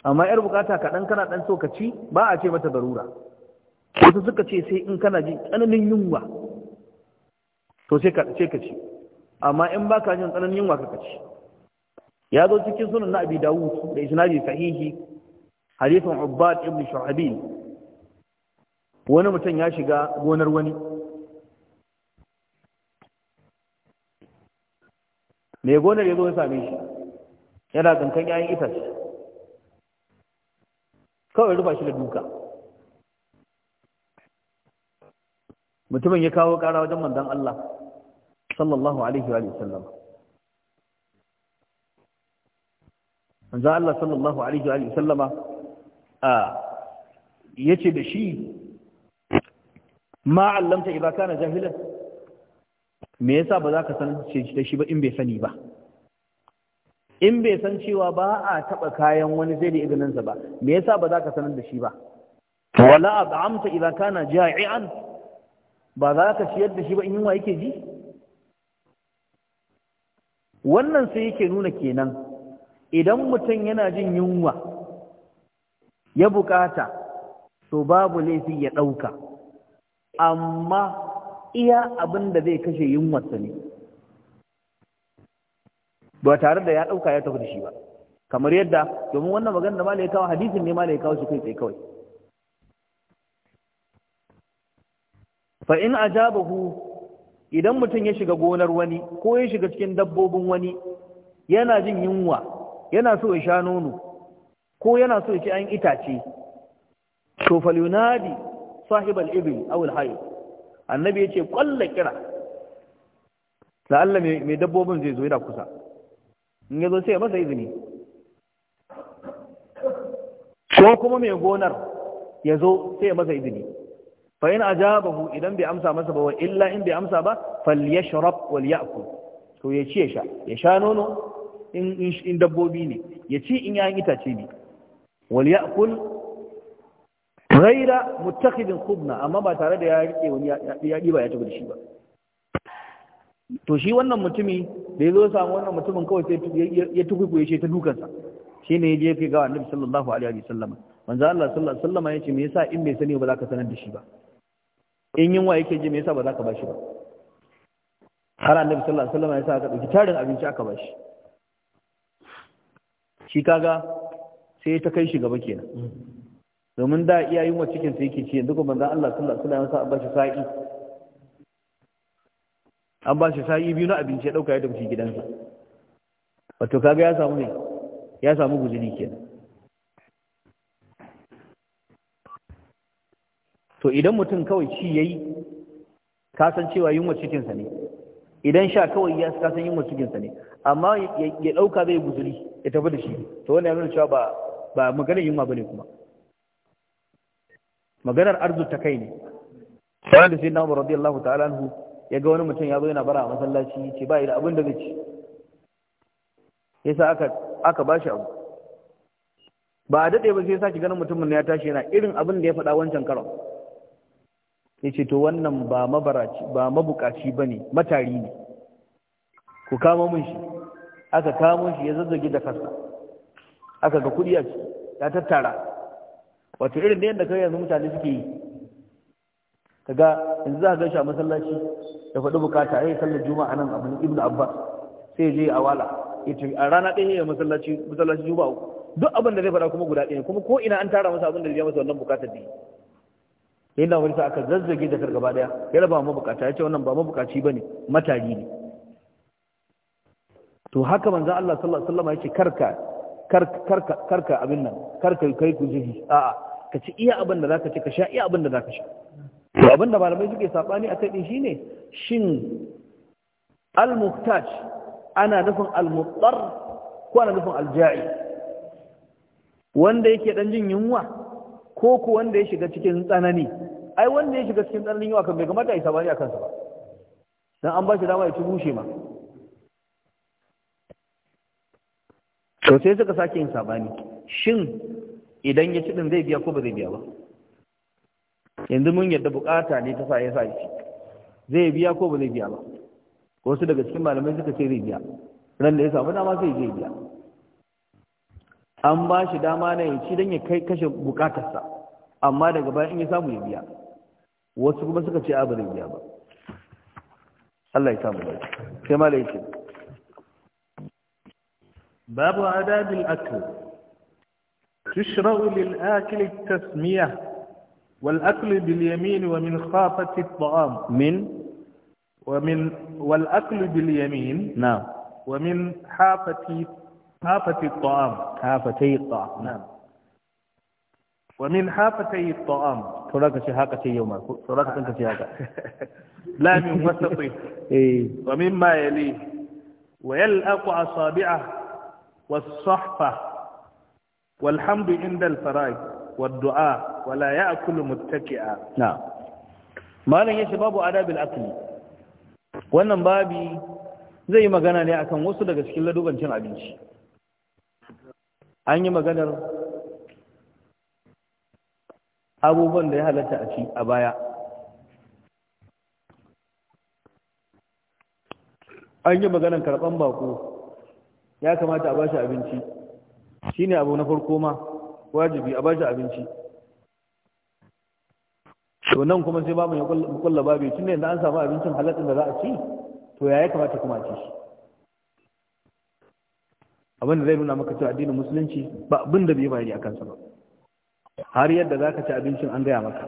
amma yar bukata kaɗan kana ɗan so ka ba a ce mata garura wasu suka ce sai in kana jin tsananin yunwa to sai ka ci amma in ba ka jin tsananin yunwa ka ci ya zo cikin sunan na abi dawud da isnadi sahihi hadisin ubbad ibn shu'abil wani mutum ya shiga gonar wani mai gonar ya zo ya same shi yana kankan yayin itace kawai rufa shi da duka mutumin ya kawo ƙara wajen manzon Allah sallallahu alaihi wa sallam manzon Allah sallallahu alaihi wa sallama ya ce da shi ma allamta ibaka na jahilar? me yasa ba za ka san shi da shi ba in bai sani ba in bai san cewa ba a taɓa kayan wani sai da izininsa ba me yasa ba za ka sanar da shi ba wala at'amta idza kana ja'ian ba za ka ciyar da shi ba in yunwa yake ji wannan sai yake nuna kenan idan mutum yana jin yunwa ya bukata to babu laifi ya ɗauka amma iya abin da zai kashe yunwarsa ne ba tare da ya ɗauka ya tafi da shi ba kamar yadda domin wannan magana da malai kawo hadisin ne malai kawo shi kai tsaye kawai fa in ajabahu idan mutum ya shiga gonar wani ko ya shiga cikin dabbobin wani yana jin yunwa yana so ya sha nono ko yana so ya ci an itace to yunadi sahibal ibn aw al annabi yace kwalla kira la'alla mai dabbobin zai zo yana kusa in ya zo sai masa izini ko kuma mai gonar ya zo sai masa izini fa in ajabahu idan bai amsa masa ba wa illa in bai amsa ba falyashrab wal ya'kul to ya ci ya sha ya sha nono in in dabbobi ne ya ci in yayin itace ne wal ya'kul ghaira muttakhidin khubna amma ba tare da ya rike wani ya diba ya tabbata shi ba to shi wannan mutumi da ya zo samu wannan mutumin kawai sai ya tuku ya ce ta dukansa shi ne ya je gawa annabi sallallahu alaihi wasallam manzo Allah sallallahu alaihi wasallam ya ce me yasa in bai sani ba za ka sanar da shi ba in yunwa yake ji me yasa ba za ka bashi ba har annabi sallallahu alaihi wasallam ya sa aka dauki tarin abinci aka bashi shi kaga sai ta kai shi gaba kenan domin da iyayen wa cikin sai yake ci yanzu kuma manzo Allah sallallahu alaihi wasallam ya sa bashi sa'i an ba shi sa'i biyu na abinci ya ɗauka ya tafi gidansa wato kaga ya samu ne ya samu guzuri kenan to idan mutum kawai ci yayi ka san cewa cikin cikinsa ne idan sha kawai ya ka san cikin cikinsa ne amma ya ɗauka zai guzuri ya tafi da shi to wannan ya cewa ba ba maganar yunwa bane kuma maganar arzu ta kai ne sai sai na Umar radiyallahu ta'ala anhu ya ga wani mutum ya zo yana bara a masallaci ce ba da abin da zai ci yasa aka aka bashi abu ba a dade ba sai ya saki ganin mutumin ne ya tashi yana irin abin da ya faɗa wancan karon yace to wannan ba mabaraci ba mabukaci bane matari ne ku kama mun shi aka kama shi ya zazzage da kasa aka ga kudi a ciki ya tattara wato irin da yadda kai yanzu mutane suke yi kaga yanzu za ka shi a masallaci da faɗi bukata ya sallar juma'a nan abin ibn abbas sai je a wala a rana ɗaya ya masallaci masallaci juma'a duk abin da zai faɗa kuma guda ɗaya kuma ko ina an tara masa abin da zai masa wannan bukata da yi yana wani sa aka zazzage da gaba ɗaya ya raba ma bukata ya ce wannan ba mabukaci ba ne matari ne to haka manzan Allah sallallahu alaihi wasallam yake karka karka karka abin nan karka kai ku jiji a'a ka ci iya abin da zaka ci ka sha iya abin da zaka sha to hmm. abinda malamai suke sabani a kai shine shin al-muhtaj ana nufin al-muttar ko ana nufin al-ja'i wanda yake dan jin yunwa ko ko wanda ya shiga cikin tsanani ai wanda ya shiga cikin tsananin yunwa kan bai kamata ya sabani a kansa ba dan an ba shi dama ya ci bushe ma to sai suka sake yin sabani shin idan ya ci din zai biya ko ba zai biya ba yanzu mun yadda bukata ne ta sa ya sa shi zai biya ko ba zai biya ba wasu daga cikin malamai suka ce zai biya ran da ya samu dama sai zai biya an ba shi dama na ya ci don ya kai kashe bukatarsa amma daga bayan in ya samu ya biya wasu kuma suka ce abu zai biya ba Allah ya samu da sai ma da ce. babu adabil akil tushra'u lil akil tasmiyah والأكل باليمين ومن خافة الطعام من ومن والأكل باليمين نعم ومن حافة حافة الطعام حافتي الطعام نعم ومن حافتي الطعام تراك شهاقة يوما تراك أنت شهاقة لا من وسطه إيه. ومما يليه ويلأق أصابعه والصحفة والحمد عند الفرائض والدعاء wala ya akulu muttaki'a na malam yace babu adabil akli wannan babi zai yi magana ne akan wasu daga cikin laduban cin abinci an yi maganar abubuwan da ya halatta a ci a baya an yi maganar karɓan bako ya kamata a bashi abinci shine abu na farko ma wajibi a bashi abinci to nan kuma sai babu ya kulla babu tun da yanzu an samu abincin halattun da za a ci to ya kamata kuma a ci shi abin da zai nuna maka cewa addinin musulunci ba abin da bai bayani a kansa ba har yadda za ka ci abincin an gaya maka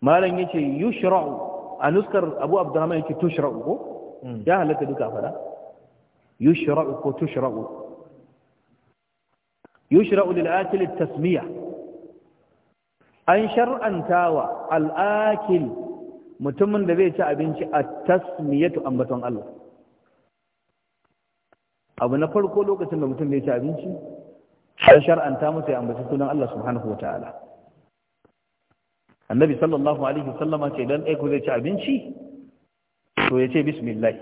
malam ya ce yushra'u a nuskar abu abdurrahman yake tushra'u ko mm. ya halatta duka fara yushra'u ko tushra'u yushra'u lil'atil akil tasmiya an shar'antawa al'akil mutumin da zai ci abinci a tasmiyatu ambaton Allah abu na farko lokacin da mutum zai ci abinci an shar'anta masa ya ambaci sunan Allah subhanahu wataala annabi sallallahu alaihi sallama ce dan ɗaya zai ci abinci to ya ce bismillah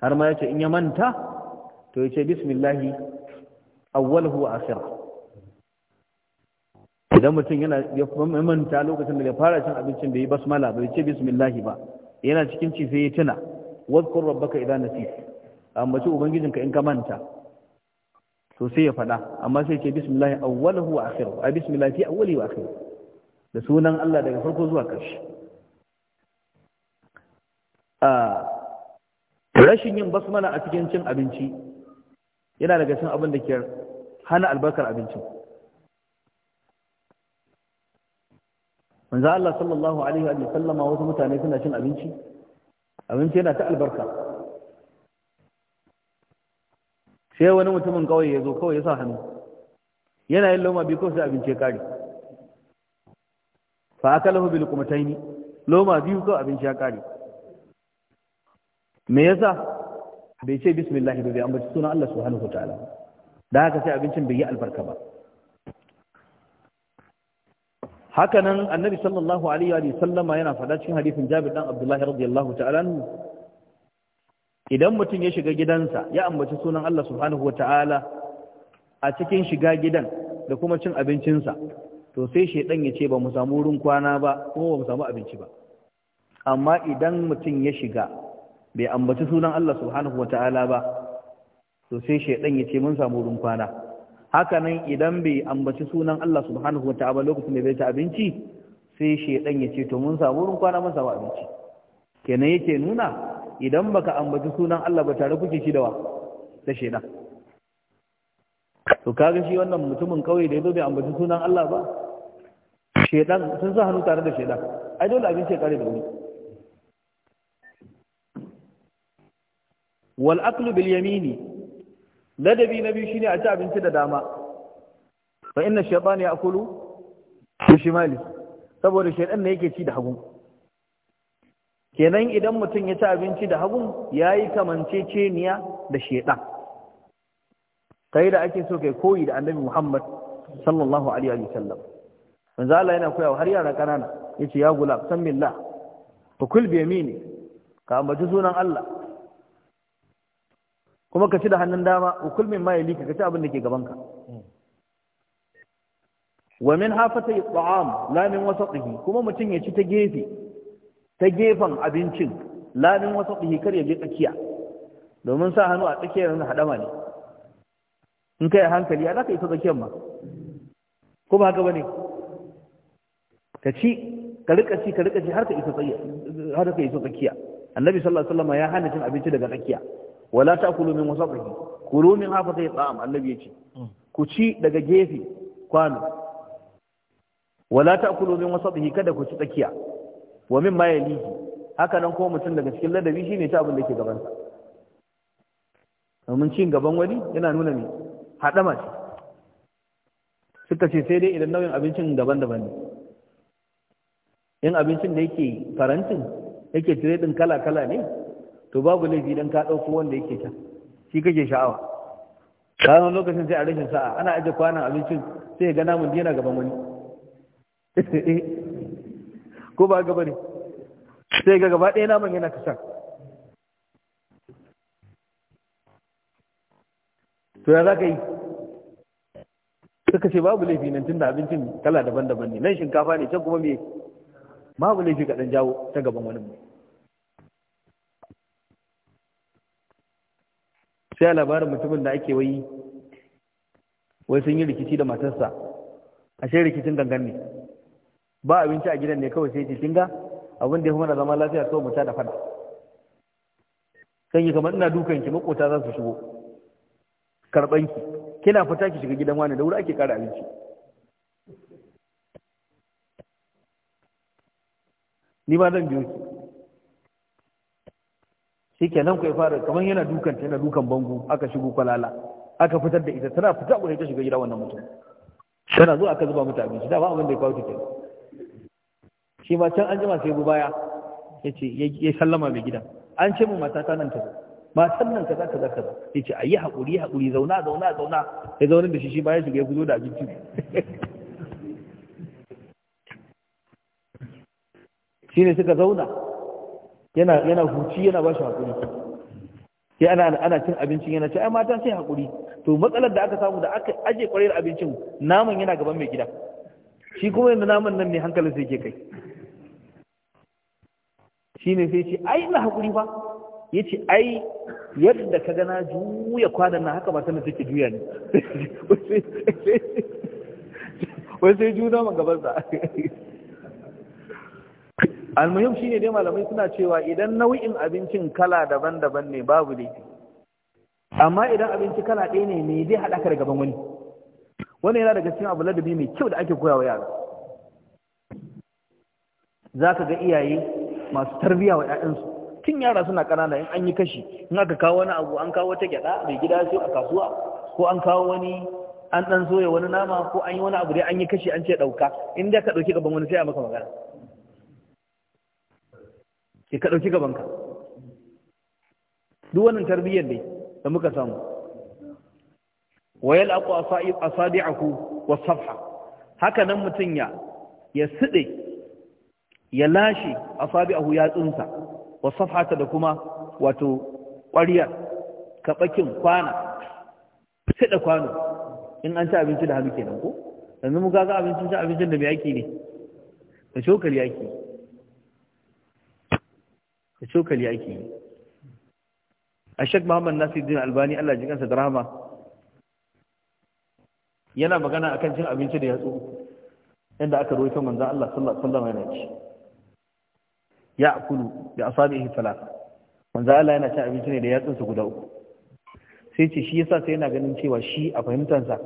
har ma ya ce in ya manta to ya ce bismillah awwalahu wa akhirah idan mutum yana ya manta lokacin da ya fara cin abincin bai yi basmala bai ce bismillahi ba yana cikin ci sai ya tuna wadkur rabbaka idan nasit ubangijin ka in ka manta to sai ya fada amma sai ce bismillahi awwaluhu wa akhiru a bismillahi fi awwali wa akhiru da sunan Allah daga farko zuwa ƙarshe a rashin yin basmala a cikin cin abinci yana daga cin abin da ke hana albarkar abincin manzo Allah sallallahu alaihi wa sallama wasu mutane suna cin abinci abinci yana ta albarka sai wani mutumin kawai ya zo kawai ya sa hannu yana yin loma biyu kawai sai abinci ya kare fa lahu bil kumataini loma biyu kawai abinci ya kare me yasa bai ce bismillah ba bai ambaci sunan Allah subhanahu wataala da haka sai abincin bai yi albarka ba hakanan annabi sallallahu alaihi wa sallama yana faɗa cikin hadisin Jabir dan Abdullah radiyallahu ta'ala idan mutum ya shiga gidansa ya ambaci sunan Allah subhanahu wa ta'ala a cikin shiga gidan da kuma cin abincinsa to sai shedan ya ce ba mu samu wurin kwana ba kuma ba mu samu abinci ba amma idan mutum ya shiga bai ambaci sunan Allah subhanahu wa ta'ala ba to sai shedan ya ce mun samu wurin kwana hakanan idan bai ambaci sunan Allah subhanahu wa ta'ala lokacin da bai ta abinci sai shedan ya ce to mun samu wurin kwana masa wa abinci kenan yake nuna idan baka ambaci sunan Allah ba tare kuke shi da wa da shedan to kaga shi wannan mutumin kauye da yazo bai ambaci sunan Allah ba shedan sun sa hannu tare da shedan ai dole abinci ya kare da wuri wal aklu bil yamini ladabi na biyu shine a ci abinci da dama fa inna shaytan ya'kulu bi shimali saboda shaytan ne yake ci da hagu kenan idan mutum ya ci abinci da hagu yayi kamanceceniya da shaytan kai da ake so kai koyi da annabi Muhammad sallallahu alaihi wa sallam manzo Allah yana koyawa har yara kanana yace ya gulam san billah fa kul bi yamini ka ambaci sunan Allah kuma ka ci da hannun dama wa kul ma yalika ka ci abin da ke gaban ka wa min hafata at'am la min wasatihi kuma mutum ya ci ta gefe ta gefen abincin la min wasatihi kar ya je tsakiya domin sa hannu a tsakiyar nan hadama ne in kai hankali ya zaka yi ta tsakiyar ma ko ba haka bane ka ci ka rika ci ka rika ci har ka isa tsakiya har ka isa tsakiya annabi sallallahu alaihi wasallam ya hana cin abinci daga tsakiya wala kulu min wasatihi kulu min hafati ta'am annabi yace mm. ku ci daga gefe kwano wala kulu min wasatihi kada ku ci tsakiya wa min ma yalihi haka nan ko mutum daga cikin ladabi shine ta abin da ke gaban sa domin cin gaban wani yana nuna ne hadama ce suka ce sai dai idan nauyin abincin gaban daban ne in abincin da yake farantin yake tire din kala-kala ne to babu laifi dan ka dauko wanda yake can shi kake sha'awa kayan lokacin sai a rashin sa'a ana aje kwanan abincin sai ya gana mun yana gaban wani ko ba gaba ne sai ga gaba ɗaya naman yana kasan to ya za ka yi suka ce babu laifi nan tunda abincin kala daban-daban ne nan shinkafa ne can kuma me babu laifi kaɗan jawo ta gaban wani mai sai labarin mutumin da ake wai wai sun yi rikici da matarsa ashe rikicin gangan ne ba abinci a gidan ne kawai sai cikin ga abin da ya mana zama lafiya kawai mu da fada kan yi kamar ina dukan ki makota za su shigo karban ki kina fita ki shiga gidan wani da wuri ake kara abinci ni ma zan biyo ki nan ku ya fara kamar yana dukan ta yana dukan bango aka shigo kwalala aka fitar da ita tana fita gurin ta shiga gida wannan mutum tana zuwa aka zuba mata abinci da ba abin da ya kawo ta shi ma can an jima sai bu baya yace ya sallama mai gidan an ce mu mata ta nan ta zo matan nan kaza kaza kaza yace ayi hakuri hakuri zauna zauna zauna ya zauna da shi shi ma ya shiga ya fito da abinci shine suka zauna yana huci yana ba shi hakuri sai ana ana cin abincin yana ce ai mata sai hakuri to matsalar da aka samu da aka aje kwarar abincin naman yana gaban mai gida shi kuma yanzu naman nan ne hankalin sai ke kai Shi ne sai ce ai ina hakuri ba ya ce ai yadda ka gana juya kwanan na haka matan da take juya ne wai sai juna man almuhim shine dai malamai suna cewa idan nau'in abincin kala daban-daban ne babu laifi amma idan abinci kala ɗaya ne me zai haɗa ka da gaban wani wani yana daga cikin abu ladabi mai kyau da ake koya wa yara za ka ga iyaye masu tarbiyya wa 'ya'yansu tun yara suna ƙanana in an yi kashi in aka kawo wani abu an kawo wata gyaɗa mai gida sai a kasuwa ko an kawo wani an ɗan soya wani nama ko an yi wani abu dai an yi kashi an ce ɗauka in dai ka ɗauki gaban wani sai a maka magana sai ka ɗauki gabanka duk wannan tarbiyyar ne da muka samu wayal aku asabi'ahu safha haka nan mutum ya ya sude ya lashi asabi'ahu ya tsunsa ta da kuma wato ka bakin kwana sida kwano in an ci abinci da hannu kenan ko yanzu mu ga abincin ci abincin da me yake ne da shokali yake da cokali ake yi a shek muhammad nasiruddin albani allah ji kansa drama yana magana akan cin abinci da yatsu inda aka kan manzon Allah sallallahu alaihi wasallam yana ci ya akulu da asabihi talaka manzon Allah yana cin abinci ne da yatsunsa guda uku sai ce shi yasa sai yana ganin cewa shi a fahimtansa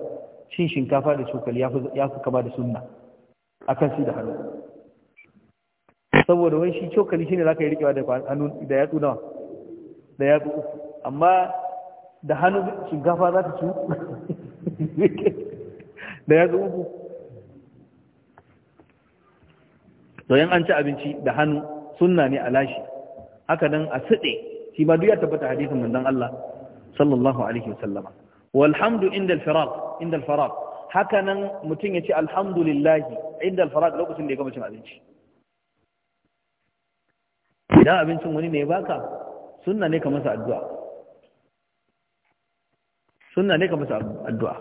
cin shinkafa da cokali ya fi kama da sunna akan shi da hannu saboda wani shi cokali za ka yi rikewa da hannu da yatsu nawa da yatsu uku amma da hannu shinkafa za ta ci da yatsu uku to yan an ci abinci da hannu sunna ne a lashi haka nan a sade shi ma duk ya tabbata hadisin manzon Allah sallallahu alaihi wasallama walhamdu inda al inda al haka nan mutum ya ce alhamdulillah inda al lokacin da ya gama cin abinci idan abincin wani ne baka suna ne ka masa addu'a suna ne ka masa addu'a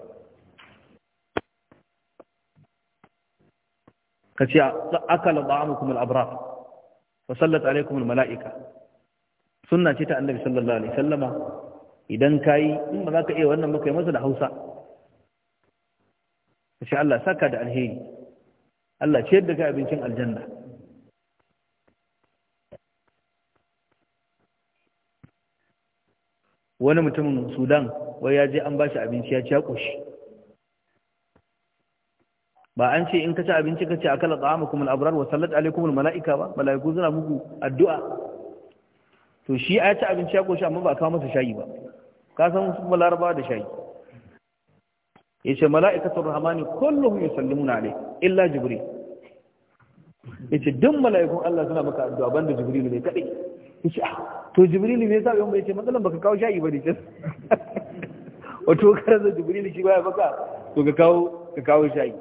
ka ce akala ba'amukum kuma abrar wa sallata alaikum al-mala'ika suna ce ta annabi sallallahu alaihi sallama idan ka yi, in ba za ka iya wannan maka yi masa da hausa ka ce Allah saka da alheri Allah ce yadda ka abincin aljanna wani mutumin sudan wai ya je an ba shi abinci ya ci ya ba an ce in ka ci abinci ka ce a kala tsama kuma al'abrar wa sallat alaikum mala'ika ba mala'iku suna muku addu'a to shi a ci abinci ya ƙoshi amma ba kawo masa shayi ba ka san sun malaraba da shayi ya ce mala'ika mala'ikatun rahamani kullum ya sallimu na alai illa jibril ya ce duk mala'ikun allah suna maka addu'a banda jibril ne kaɗai Ah, to jibrilu me yasa yau mai yace matsalan baka kawo shayi bane kin wato da jibrilu shi baya baka to ka kawo ka kawo shayi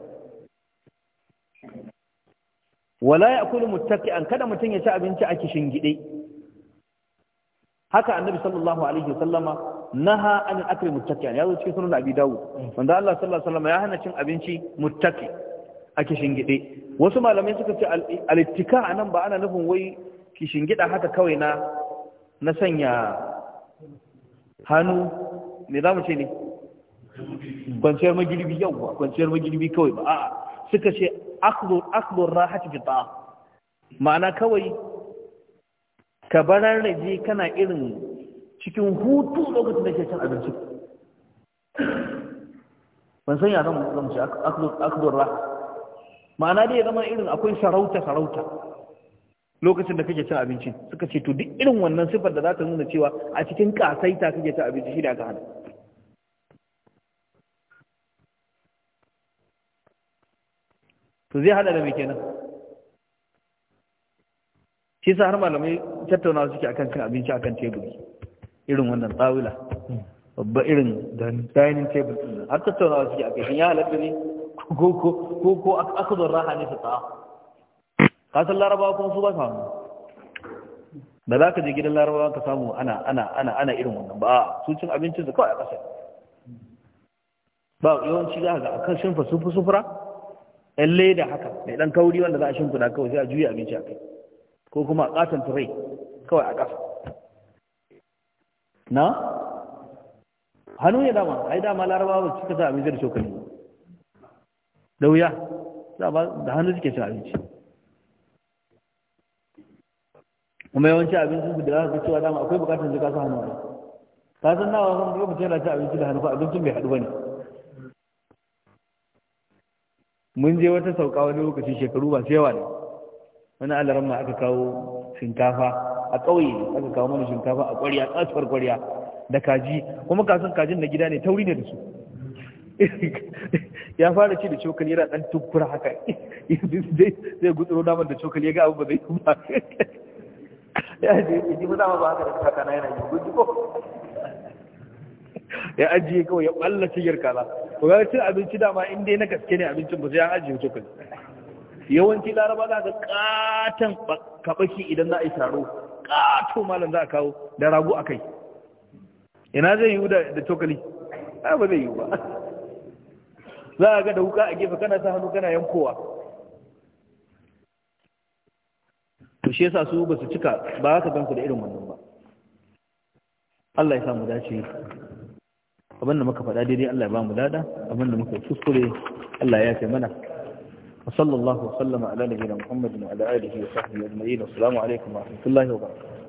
wala ya'kulu muttaqi'an kada mutun ya ci abinci a kishin gide haka annabi sallallahu alaihi wasallama naha an akli muttaqi'an yazo cikin sunan abi dawud wanda Allah sallallahu alaihi wasallama ya hana cin abinci muttaqi a kishin gide wasu malamai suka ce al-ittika anan ba ana nufin wai kishin gida haka kawai na na sanya hannu me za mu ce ne kwanciyar magirbi ba kwanciyar magirbi kawai ba a'a suka ce akhdhu rahati fi ta'a ma'ana kawai ka barar raje kana irin cikin hutu lokacin da ke cin abinci ban san ya zama zan ce akhdhu rahati ma'ana dai zama irin akwai sarauta sarauta lokacin da kake cin abinci suka ce to duk irin wannan sifar da za ta nuna cewa a cikin kasaita kake cin abinci shi da aka hana to zai hada da mai kenan shi sa har malamai tattaunawa suke akan cin abinci akan teburi irin wannan tsawila babba irin dining table har tattaunawa suke akan ya halatta ne ko ko ko ko aka zo raha ne ta tsawa kasan larabawa kuma su ba samu da za ka je gidan larabawa ka samu ana ana ana ana irin wannan ba su cin abincin su kawai a ƙasa ba yawanci za ka ga akan shimfa sun fi sufura ɗan leda haka mai ɗan kauri wanda za a shimfuna kawai sai a juya abinci a kai ko kuma a ƙaton turai kawai a ƙasa na hannu ya dama ai dama larabawa ba cika sa abinci da cokali da wuya da hannu suke cin abinci kuma yawanci abinci su da za su cewa dama akwai bukatar jika su hannu wani ta san nawa kan ga mutum yana ci abinci da hannu ko abincin bai haɗu ba ne mun je wata sauka wani lokaci shekaru ba yawa ne wani alaran ma aka kawo shinkafa a ƙauye aka kawo mana shinkafa a ƙwarya kasuwar ƙwarya da kaji kuma kasan kajin na gida ne tauri ne da su ya fara ci da cokali yana ɗan tukura haka zai gutsuro naman da cokali ya ga abu ba zai kuma ya ajiye ya na yi ya ajiye kawai ya balla shigar kala ko ga cin abinci dama in dai na gaske ne abincin ba sai an ajiye cokali yawanci laraba za ka katon kabaki idan za a yi taro kato malam za a kawo da rago a kai ina zai yiwu da cokali ba zai yiwu ba za a ga da wuka a gefe kana sa hannu kana yankowa to shi yasa su ba su cika ba za ka da irin wannan ba Allah ya samu dace abin da muka faɗa daidai Allah ya ba mu dada abin da muka kuskure Allah ya yafe mana wa sallallahu wa sallama ala nabiyina Muhammadin wa ala alihi wa sahbihi ajma'in assalamu alaikum wa rahmatullahi wa barakatuh